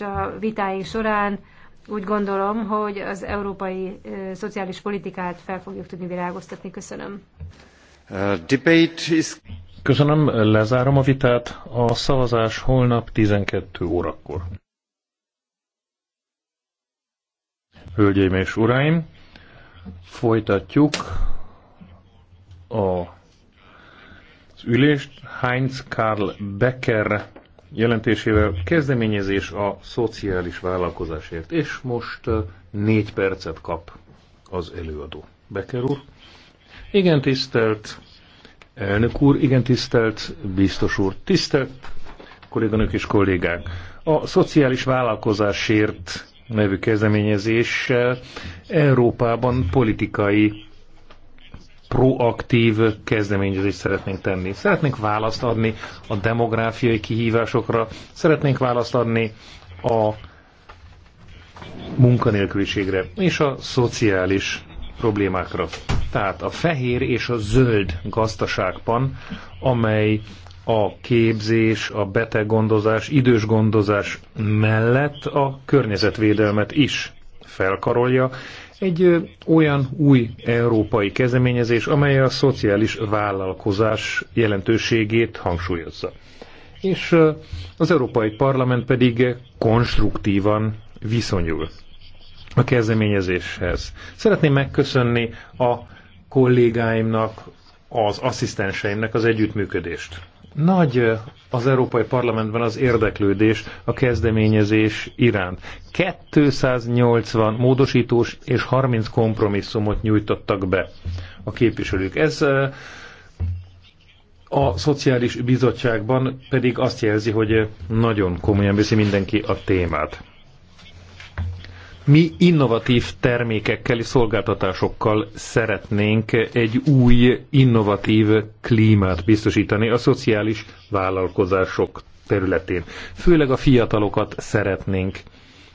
és a vitái során úgy gondolom, hogy az európai e, szociális politikát fel fogjuk tudni virágoztatni. Köszönöm. Is... Köszönöm, lezárom a vitát. A szavazás holnap 12 órakor. Hölgyeim és uraim, folytatjuk a az ülést. Heinz Karl Becker jelentésével kezdeményezés a szociális vállalkozásért. És most négy percet kap az előadó. Becker úr. Igen, tisztelt elnök úr, igen, tisztelt biztos úr, tisztelt kolléganők és kollégák. A szociális vállalkozásért nevű kezdeményezéssel Európában politikai proaktív kezdeményezést szeretnénk tenni. Szeretnénk választ adni a demográfiai kihívásokra, szeretnénk választ adni a munkanélküliségre és a szociális problémákra. Tehát a fehér és a zöld gazdaságban, amely a képzés, a beteggondozás, gondozás mellett a környezetvédelmet is felkarolja, egy olyan új európai kezdeményezés, amely a szociális vállalkozás jelentőségét hangsúlyozza. És az Európai Parlament pedig konstruktívan viszonyul a kezdeményezéshez. Szeretném megköszönni a kollégáimnak, az asszisztenseimnek az együttműködést. Nagy az Európai Parlamentben az érdeklődés a kezdeményezés iránt. 280 módosítós és 30 kompromisszumot nyújtottak be a képviselők. Ez a Szociális Bizottságban pedig azt jelzi, hogy nagyon komolyan viszi mindenki a témát mi innovatív termékekkel és szolgáltatásokkal szeretnénk egy új innovatív klímát biztosítani a szociális vállalkozások területén. Főleg a fiatalokat szeretnénk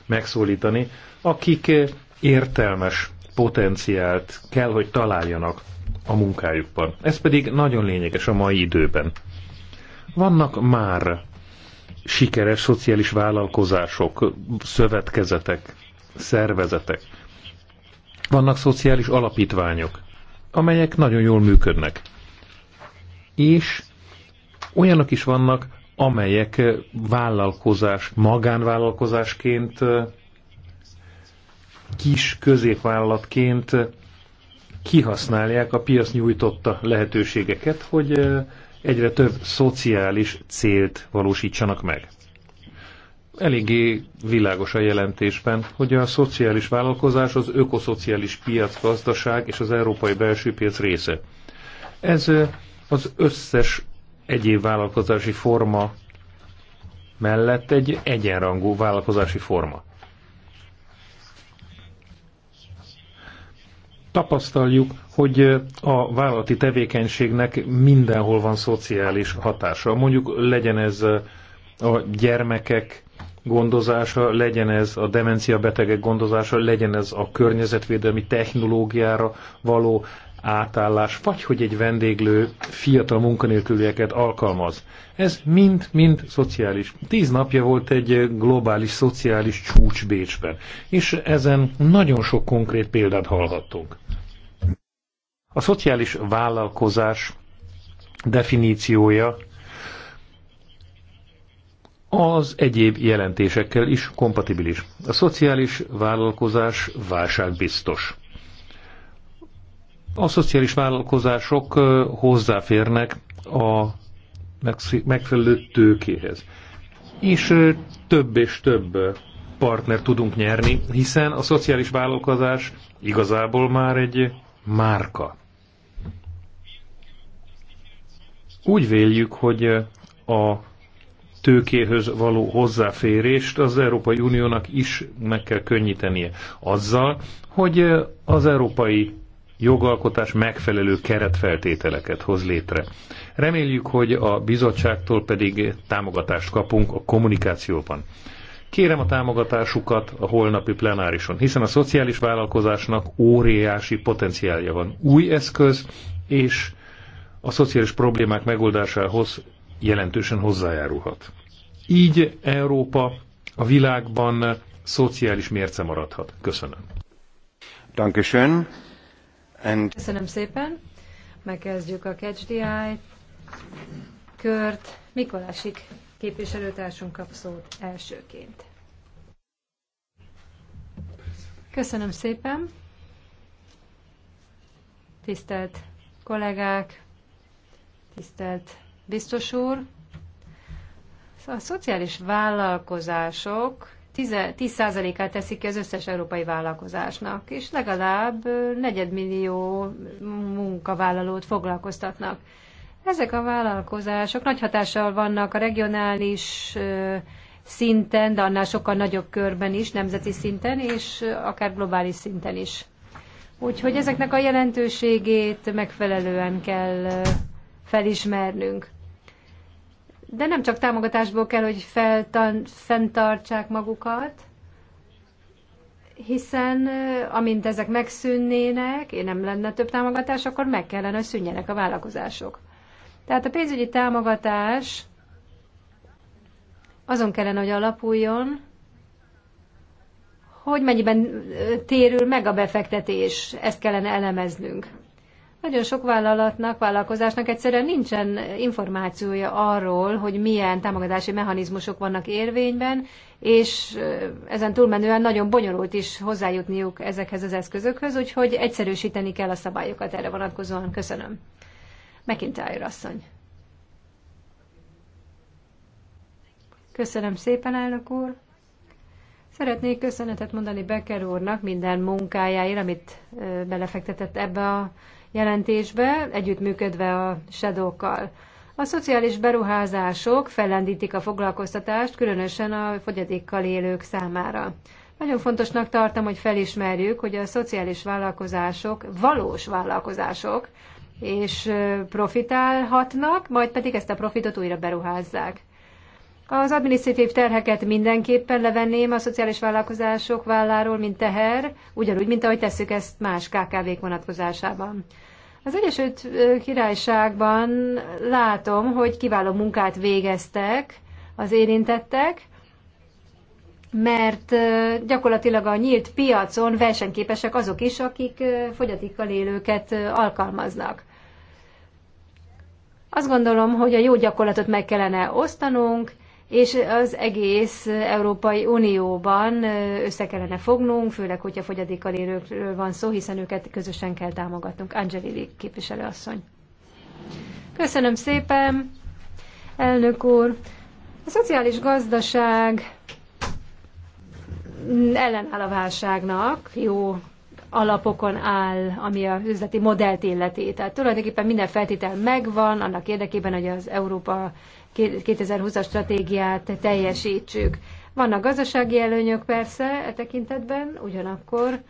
megszólítani, akik értelmes potenciált kell, hogy találjanak a munkájukban. Ez pedig nagyon lényeges a mai időben. Vannak már sikeres szociális vállalkozások, szövetkezetek, szervezetek, vannak szociális alapítványok, amelyek nagyon jól működnek. És olyanok is vannak, amelyek vállalkozás, magánvállalkozásként, kis középvállalatként kihasználják a piac nyújtotta lehetőségeket, hogy egyre több szociális célt valósítsanak meg eléggé világos a jelentésben, hogy a szociális vállalkozás az ökoszociális piacgazdaság és az európai belső piac része. Ez az összes egyéb vállalkozási forma mellett egy egyenrangú vállalkozási forma. Tapasztaljuk, hogy a vállalati tevékenységnek mindenhol van szociális hatása. Mondjuk legyen ez a gyermekek gondozása, legyen ez a demencia betegek gondozása, legyen ez a környezetvédelmi technológiára való átállás, vagy hogy egy vendéglő fiatal munkanélkülieket alkalmaz. Ez mind-mind szociális. Tíz napja volt egy globális szociális csúcs Bécsben, és ezen nagyon sok konkrét példát hallhattunk. A szociális vállalkozás definíciója az egyéb jelentésekkel is kompatibilis. A szociális vállalkozás válságbiztos. A szociális vállalkozások hozzáférnek a megfelelő tőkéhez. És több és több partner tudunk nyerni, hiszen a szociális vállalkozás igazából már egy márka. Úgy véljük, hogy a tőkéhöz való hozzáférést az Európai Uniónak is meg kell könnyítenie azzal, hogy az európai jogalkotás megfelelő keretfeltételeket hoz létre. Reméljük, hogy a bizottságtól pedig támogatást kapunk a kommunikációban. Kérem a támogatásukat a holnapi plenárison, hiszen a szociális vállalkozásnak óriási potenciálja van. Új eszköz, és a szociális problémák megoldásához jelentősen hozzájárulhat. Így Európa a világban szociális mérce maradhat. Köszönöm. Dankeschön. And... Köszönöm szépen. Megkezdjük a Catch the Eye kört. Mikolásik képviselőtársunk kap szót elsőként. Köszönöm szépen. Tisztelt kollégák, tisztelt biztos úr. A szociális vállalkozások 10%-át teszik ki az összes európai vállalkozásnak, és legalább negyedmillió munkavállalót foglalkoztatnak. Ezek a vállalkozások nagy hatással vannak a regionális szinten, de annál sokkal nagyobb körben is, nemzeti szinten, és akár globális szinten is. Úgyhogy ezeknek a jelentőségét megfelelően kell felismernünk de nem csak támogatásból kell, hogy feltan, fenntartsák magukat, hiszen amint ezek megszűnnének, én nem lenne több támogatás, akkor meg kellene, hogy szűnjenek a vállalkozások. Tehát a pénzügyi támogatás azon kellene, hogy alapuljon, hogy mennyiben térül meg a befektetés, ezt kellene elemeznünk. Nagyon sok vállalatnak, vállalkozásnak egyszerűen nincsen információja arról, hogy milyen támogatási mechanizmusok vannak érvényben, és ezen túlmenően nagyon bonyolult is hozzájutniuk ezekhez az eszközökhöz, úgyhogy egyszerűsíteni kell a szabályokat erre vonatkozóan. Köszönöm. McIntyre asszony. Köszönöm szépen, elnök úr. Szeretnék köszönetet mondani Becker úrnak minden munkájáért, amit belefektetett ebbe a jelentésbe, együttműködve a shadow-kal. A szociális beruházások fellendítik a foglalkoztatást, különösen a fogyatékkal élők számára. Nagyon fontosnak tartom, hogy felismerjük, hogy a szociális vállalkozások valós vállalkozások, és profitálhatnak, majd pedig ezt a profitot újra beruházzák. Az adminisztratív terheket mindenképpen levenném a szociális vállalkozások válláról, mint teher, ugyanúgy, mint ahogy tesszük ezt más KKV-k vonatkozásában. Az Egyesült Királyságban látom, hogy kiváló munkát végeztek az érintettek, mert gyakorlatilag a nyílt piacon versenyképesek azok is, akik fogyatékkal élőket alkalmaznak. Azt gondolom, hogy a jó gyakorlatot meg kellene osztanunk, és az egész Európai Unióban össze kellene fognunk, főleg, hogyha fogyatékkal élőkről van szó, hiszen őket közösen kell támogatnunk. Angelili képviselőasszony. Köszönöm szépen, elnök úr. A szociális gazdaság ellenáll a válságnak, jó alapokon áll, ami a üzleti modellt illeti. Tehát tulajdonképpen minden feltétel megvan annak érdekében, hogy az Európa 2020-as stratégiát teljesítsük. Vannak gazdasági előnyök persze e tekintetben, ugyanakkor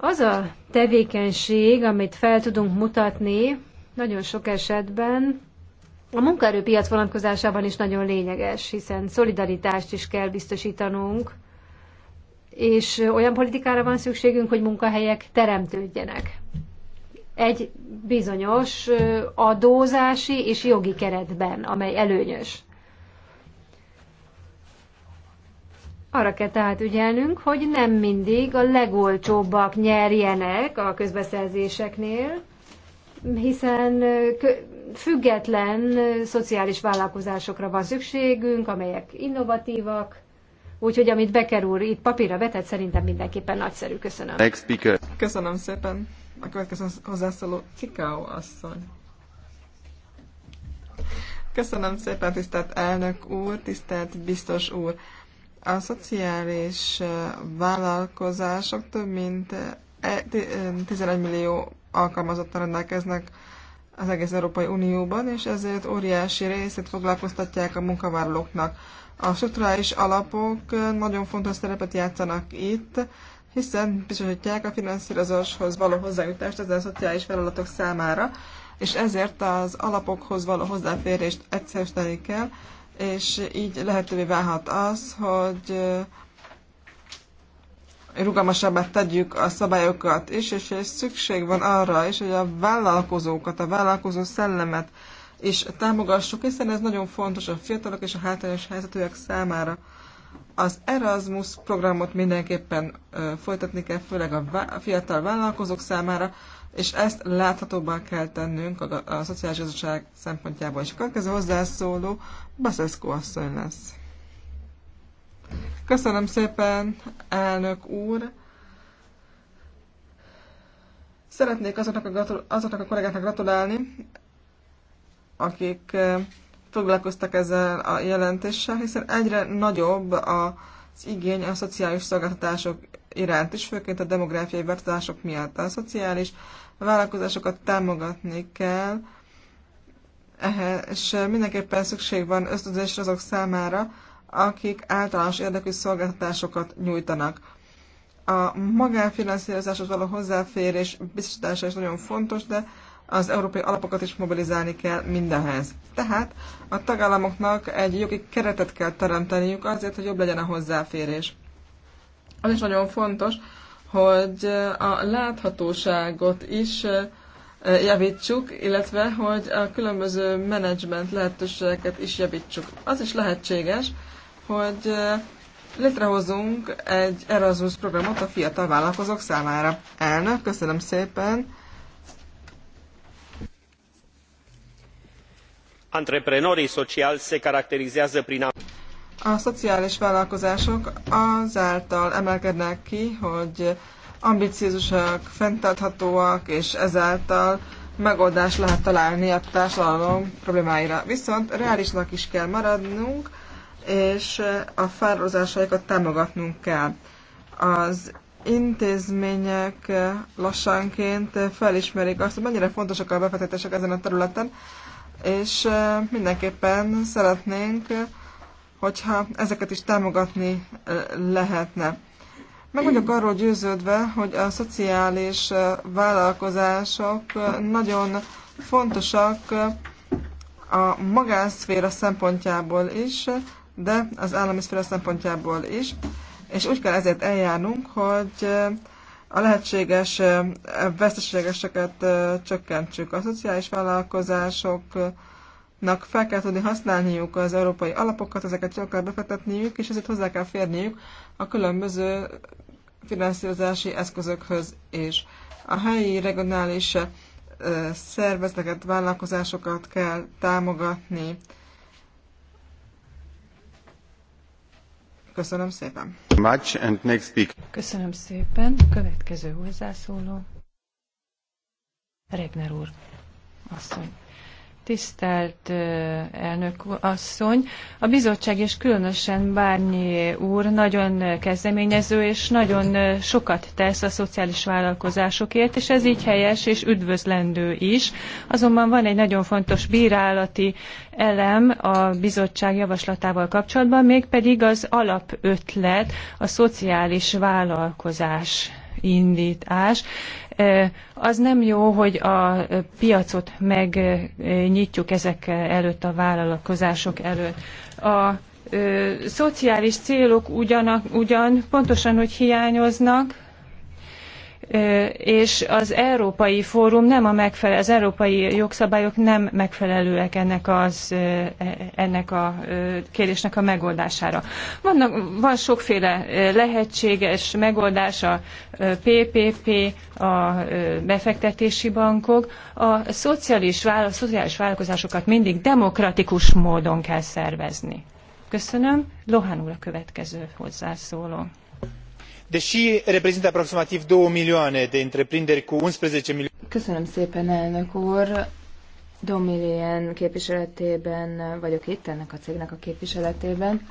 az a tevékenység, amit fel tudunk mutatni, nagyon sok esetben a munkaerőpiac vonatkozásában is nagyon lényeges, hiszen szolidaritást is kell biztosítanunk, és olyan politikára van szükségünk, hogy munkahelyek teremtődjenek egy bizonyos adózási és jogi keretben, amely előnyös. Arra kell tehát ügyelnünk, hogy nem mindig a legolcsóbbak nyerjenek a közbeszerzéseknél, hiszen független szociális vállalkozásokra van szükségünk, amelyek innovatívak, úgyhogy amit Becker úr itt papírra vetett, szerintem mindenképpen nagyszerű. Köszönöm. Next speaker. Köszönöm szépen. A következő hozzászóló Cikáó asszony. Köszönöm szépen, tisztelt elnök úr, tisztelt biztos úr. A szociális vállalkozások több mint 11 e, millió alkalmazottan rendelkeznek az egész Európai Unióban, és ezért óriási részét foglalkoztatják a munkavállalóknak. A strukturális alapok nagyon fontos szerepet játszanak itt, hiszen biztosítják a finanszírozáshoz való hozzájutást ezen a szociális vállalatok számára, és ezért az alapokhoz való hozzáférést egyszerűsíteni kell, és így lehetővé válhat az, hogy rugalmasabbá tegyük a szabályokat is, és, és szükség van arra is, hogy a vállalkozókat, a vállalkozó szellemet is támogassuk, hiszen ez nagyon fontos a fiatalok és a hátrányos helyzetűek számára. Az Erasmus programot mindenképpen folytatni kell, főleg a fiatal vállalkozók számára, és ezt láthatóbbá kell tennünk a, a szociális gazdaság szempontjából. És a következő hozzászóló Baszeszko asszony lesz. Köszönöm szépen, elnök úr! Szeretnék azoknak a, azoknak a kollégáknak gratulálni, akik foglalkoztak ezzel a jelentéssel, hiszen egyre nagyobb az igény a szociális szolgáltatások iránt is, főként a demográfiai változások miatt. A szociális vállalkozásokat támogatni kell, és mindenképpen szükség van ösztönzésre azok számára, akik általános érdekű szolgáltatásokat nyújtanak. A magánfinanszírozáshoz való hozzáférés biztosítása is nagyon fontos, de az európai alapokat is mobilizálni kell mindenhez. Tehát a tagállamoknak egy jogi keretet kell teremteniük azért, hogy jobb legyen a hozzáférés. Az is nagyon fontos, hogy a láthatóságot is javítsuk, illetve hogy a különböző menedzsment lehetőségeket is javítsuk. Az is lehetséges, hogy létrehozunk egy Erasmus programot a fiatal vállalkozók számára. Elnök, köszönöm szépen! antreprenorii sociali se caracterizează prin a szociális vállalkozások azáltal emelkednek ki, hogy ambiciózusak, fenntarthatóak, és ezáltal megoldást lehet találni a társadalom problémáira. Viszont reálisnak is kell maradnunk, és a fáradozásaikat támogatnunk kell. Az intézmények lassanként felismerik azt, hogy mennyire fontosak a befektetések ezen a területen, és mindenképpen szeretnénk, hogyha ezeket is támogatni lehetne. Meg vagyok arról győződve, hogy a szociális vállalkozások nagyon fontosak a magánszféra szempontjából is, de az állami szféra szempontjából is, és úgy kell ezért eljárnunk, hogy a lehetséges veszteségeseket csökkentsük. A szociális vállalkozásoknak fel kell tudni használniuk az európai alapokat, ezeket jól kell befektetniük, és ezért hozzá kell férniük a különböző finanszírozási eszközökhöz és A helyi regionális szervezeteket, vállalkozásokat kell támogatni. Köszönöm szépen! much, and next speaker. Köszönöm szépen. Következő hozzászóló. Regner úr, asszony. Tisztelt elnök asszony, a bizottság és különösen Bárnyi úr nagyon kezdeményező és nagyon sokat tesz a szociális vállalkozásokért, és ez így helyes és üdvözlendő is. Azonban van egy nagyon fontos bírálati elem a bizottság javaslatával kapcsolatban, mégpedig az alapötlet, a szociális vállalkozás indítás. Az nem jó, hogy a piacot megnyitjuk ezek előtt a vállalkozások előtt. A szociális célok ugyanak, ugyan pontosan, hogy hiányoznak, és az Európai Fórum nem a megfelelő, az európai jogszabályok nem megfelelőek ennek, az, e, ennek a kérdésnek a megoldására. Vannak, van sokféle lehetséges megoldás, a PPP, a befektetési bankok. A szociális, vála, szociális vállalkozásokat mindig demokratikus módon kell szervezni. Köszönöm. Lohán úr a következő hozzászóló dei reprezintă aproximativ două milioane de întreprinderi cu unsprezece milioane. Köszönöm szépen, elnök úr. Domilien képviseletében vagyok itt, ennek a cégnek a képviseletében.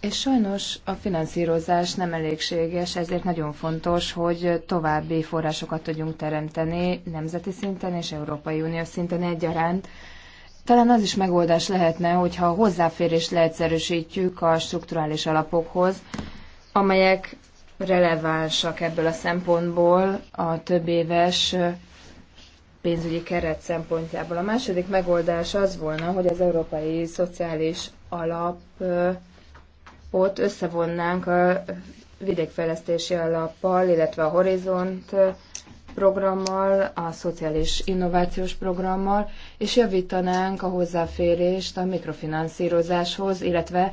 És sajnos a finanszírozás nem elégséges, ezért nagyon fontos, hogy további forrásokat tudjunk teremteni nemzeti szinten és Európai Unió szinten egyaránt. Talán az is megoldás lehetne, hogyha a hozzáférést leegyszerűsítjük a strukturális alapokhoz, amelyek relevánsak ebből a szempontból a több éves pénzügyi keret szempontjából. A második megoldás az volna, hogy az Európai Szociális Alap ott összevonnánk a vidékfejlesztési alappal, illetve a Horizont programmal, a szociális innovációs programmal, és javítanánk a hozzáférést a mikrofinanszírozáshoz, illetve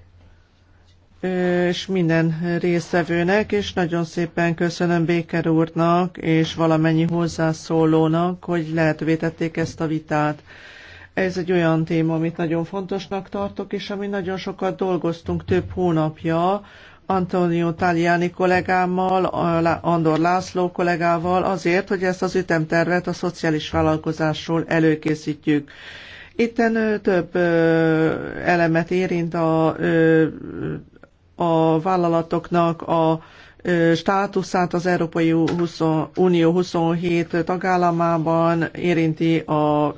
és minden résztvevőnek, és nagyon szépen köszönöm Béker úrnak és valamennyi hozzászólónak, hogy lehetővé tették ezt a vitát. Ez egy olyan téma, amit nagyon fontosnak tartok, és ami nagyon sokat dolgoztunk több hónapja, Antonio Taliani kollégámmal, Andor László kollégával azért, hogy ezt az ütemtervet a szociális vállalkozásról előkészítjük. Itten több elemet érint a a vállalatoknak a státuszát az Európai Unió 27 tagállamában, érinti a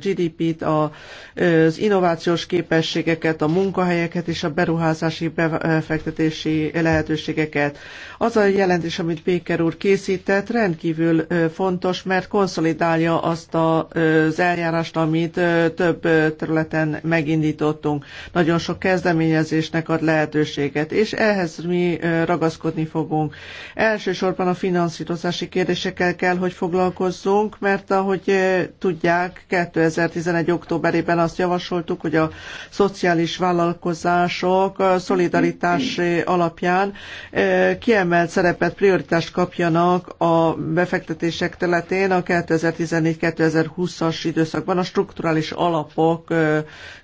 GDP-t, az innovációs képességeket, a munkahelyeket és a beruházási befektetési lehetőségeket. Az a jelentés, amit Péker úr készített, rendkívül fontos, mert konszolidálja azt az eljárást, amit több területen megindítottunk. Nagyon sok kezdeményezésnek ad lehetőséget, és ehhez mi ragaszkodni fogunk fogunk. Elsősorban a finanszírozási kérdésekkel kell, hogy foglalkozzunk, mert ahogy eh, tudják, 2011. októberében azt javasoltuk, hogy a szociális vállalkozások szolidaritás eh, alapján eh, kiemelt szerepet, prioritást kapjanak a befektetések területén a 2014-2020-as időszakban a strukturális alapok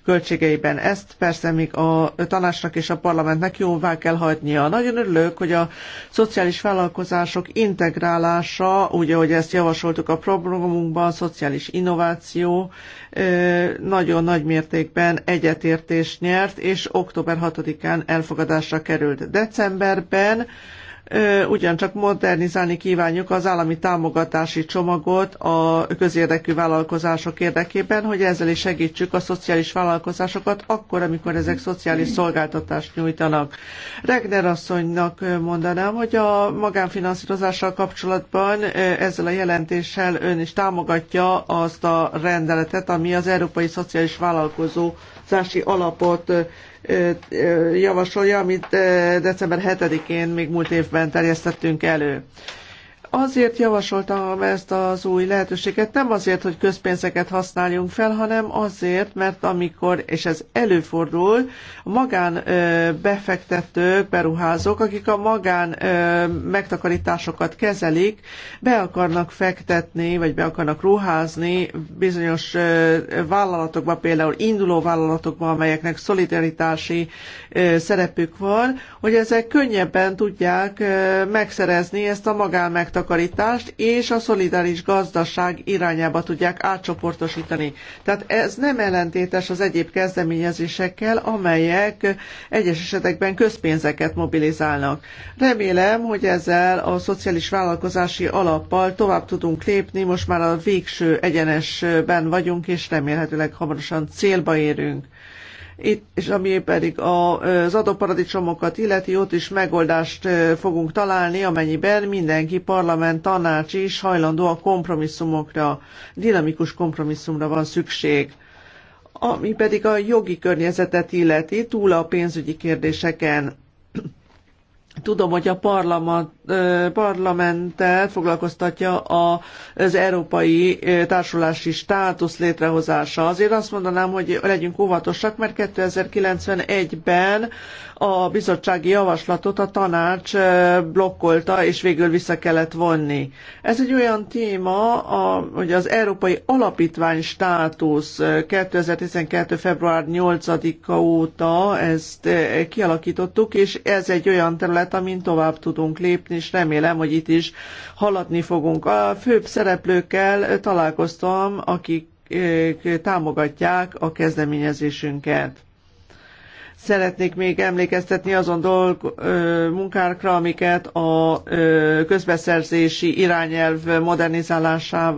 költségeiben. Ezt persze még a tanácsnak és a parlamentnek jóvá kell hagynia. Nagyon örülök, hogy a szociális vállalkozások integrálása, úgy, ahogy ezt javasoltuk a programunkban, szociális innováció nagyon nagy mértékben egyetértést nyert, és október 6-án elfogadásra került decemberben, ugyancsak modernizálni kívánjuk az állami támogatási csomagot a közérdekű vállalkozások érdekében, hogy ezzel is segítsük a szociális vállalkozásokat akkor, amikor ezek szociális szolgáltatást nyújtanak. Regner asszonynak mondanám, hogy a magánfinanszírozással kapcsolatban ezzel a jelentéssel ön is támogatja azt a rendeletet, ami az Európai Szociális Vállalkozó szabályozási alapot javasolja, amit december 7-én még múlt évben terjesztettünk elő. Azért javasoltam ezt az új lehetőséget, nem azért, hogy közpénzeket használjunk fel, hanem azért, mert amikor, és ez előfordul, a magán befektetők, beruházók, akik a magán megtakarításokat kezelik, be akarnak fektetni, vagy be akarnak ruházni bizonyos vállalatokba, például induló vállalatokba, amelyeknek szolidaritási szerepük van, hogy ezek könnyebben tudják megszerezni ezt a magán megtakarítást megtakarítást és a szolidáris gazdaság irányába tudják átcsoportosítani. Tehát ez nem ellentétes az egyéb kezdeményezésekkel, amelyek egyes esetekben közpénzeket mobilizálnak. Remélem, hogy ezzel a szociális vállalkozási alappal tovább tudunk lépni, most már a végső egyenesben vagyunk, és remélhetőleg hamarosan célba érünk. Itt, és ami pedig a, az adóparadicsomokat illeti, ott is megoldást fogunk találni, amennyiben mindenki parlament, tanács is hajlandó a kompromisszumokra, dinamikus kompromisszumra van szükség. Ami pedig a jogi környezetet illeti, túl a pénzügyi kérdéseken tudom, hogy a parlamentet foglalkoztatja az európai társulási státusz létrehozása. Azért azt mondanám, hogy legyünk óvatosak, mert 2091-ben a bizottsági javaslatot a tanács blokkolta, és végül vissza kellett vonni. Ez egy olyan téma, a, hogy az európai alapítvány státusz 2012. február 8-a óta ezt kialakítottuk, és ez egy olyan terület, amin tovább tudunk lépni, és remélem, hogy itt is haladni fogunk. A főbb szereplőkkel találkoztam, akik eh, támogatják a kezdeményezésünket. Szeretnék még emlékeztetni azon dolg, eh, munkákra, amiket a eh, közbeszerzési irányelv modernizálásá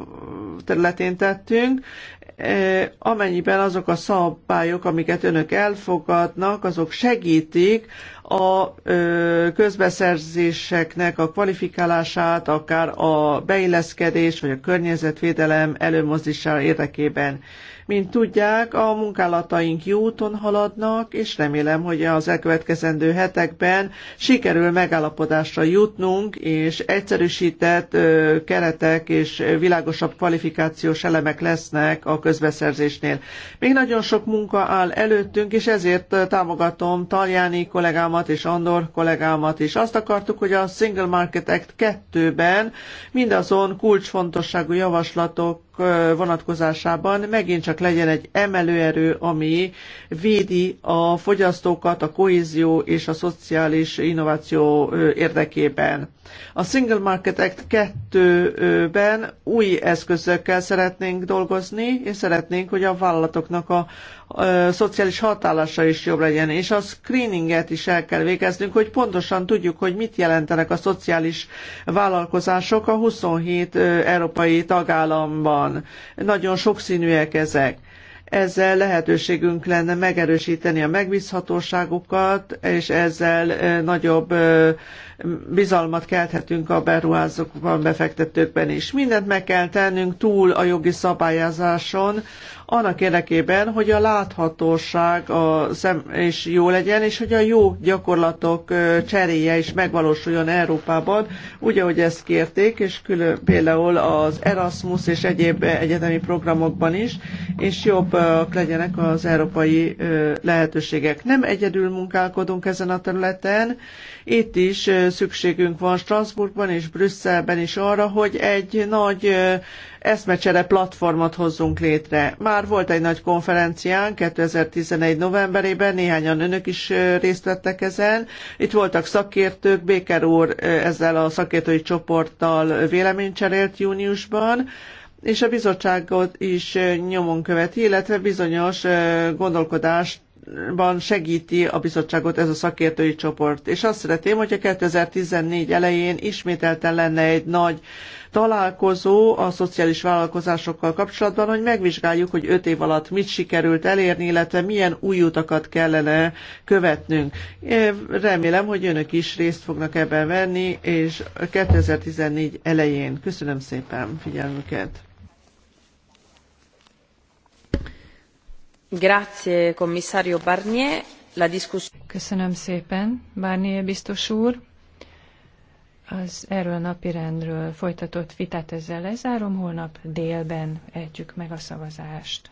területén tettünk. Amennyiben azok a szabályok, amiket önök elfogadnak, azok segítik a közbeszerzéseknek a kvalifikálását, akár a beilleszkedés vagy a környezetvédelem előmozdítása érdekében. Mint tudják, a munkálataink jó úton haladnak, és remélem, hogy az elkövetkezendő hetekben sikerül megállapodásra jutnunk, és egyszerűsített keretek és világosabb kvalifikációs elemek lesznek a közbeszerzésnél. Még nagyon sok munka áll előttünk, és ezért támogatom Taljáni kollégámat, kollégámat és Andor kollégámat is. Azt akartuk, hogy a Single Market Act 2-ben mindazon kulcsfontosságú javaslatok vonatkozásában megint csak legyen egy emelőerő, ami védi a fogyasztókat a kohézió és a szociális innováció érdekében. A Single Market Act 2-ben új eszközökkel szeretnénk dolgozni, és szeretnénk, hogy a vállalatoknak a, szociális hatálása is jobb legyen, és a screeninget is el kell végeznünk, hogy pontosan tudjuk, hogy mit jelentenek a szociális vállalkozások a 27 európai tagállamban van. Nagyon sokszínűek ezek. Ezzel lehetőségünk lenne megerősíteni a megbízhatóságukat, és ezzel nagyobb bizalmat kelthetünk a beruházókban, befektetőkben is. Mindent meg kell tennünk túl a jogi szabályozáson. annak érdekében, hogy a láthatóság a szem is jó legyen, és hogy a jó gyakorlatok cseréje is megvalósuljon Európában, úgy, ahogy ezt kérték, és külön, például az Erasmus és egyéb egyetemi programokban is, és jobb legyenek az európai lehetőségek. Nem egyedül munkálkodunk ezen a területen, itt is szükségünk van Strasbourgban és Brüsszelben is arra, hogy egy nagy eszmecsere platformot hozzunk létre. Már volt egy nagy konferencián 2011 novemberében, néhányan önök is részt vettek ezen. Itt voltak szakértők, Béker úr ezzel a szakértői csoporttal véleményt cserélt júniusban, és a bizottságot is nyomon követi, illetve bizonyos gondolkodást ban segíti a bizottságot ez a szakértői csoport. És azt szeretném, hogyha 2014 elején ismételten lenne egy nagy találkozó a szociális vállalkozásokkal kapcsolatban, hogy megvizsgáljuk, hogy öt év alatt mit sikerült elérni, illetve milyen új utakat kellene követnünk. Én remélem, hogy önök is részt fognak ebben venni, és 2014 elején. Köszönöm szépen figyelmüket! Köszönöm szépen, Barnier biztos úr. Az erről a napirendről folytatott vitát ezzel lezárom, holnap délben ejtjük meg a szavazást.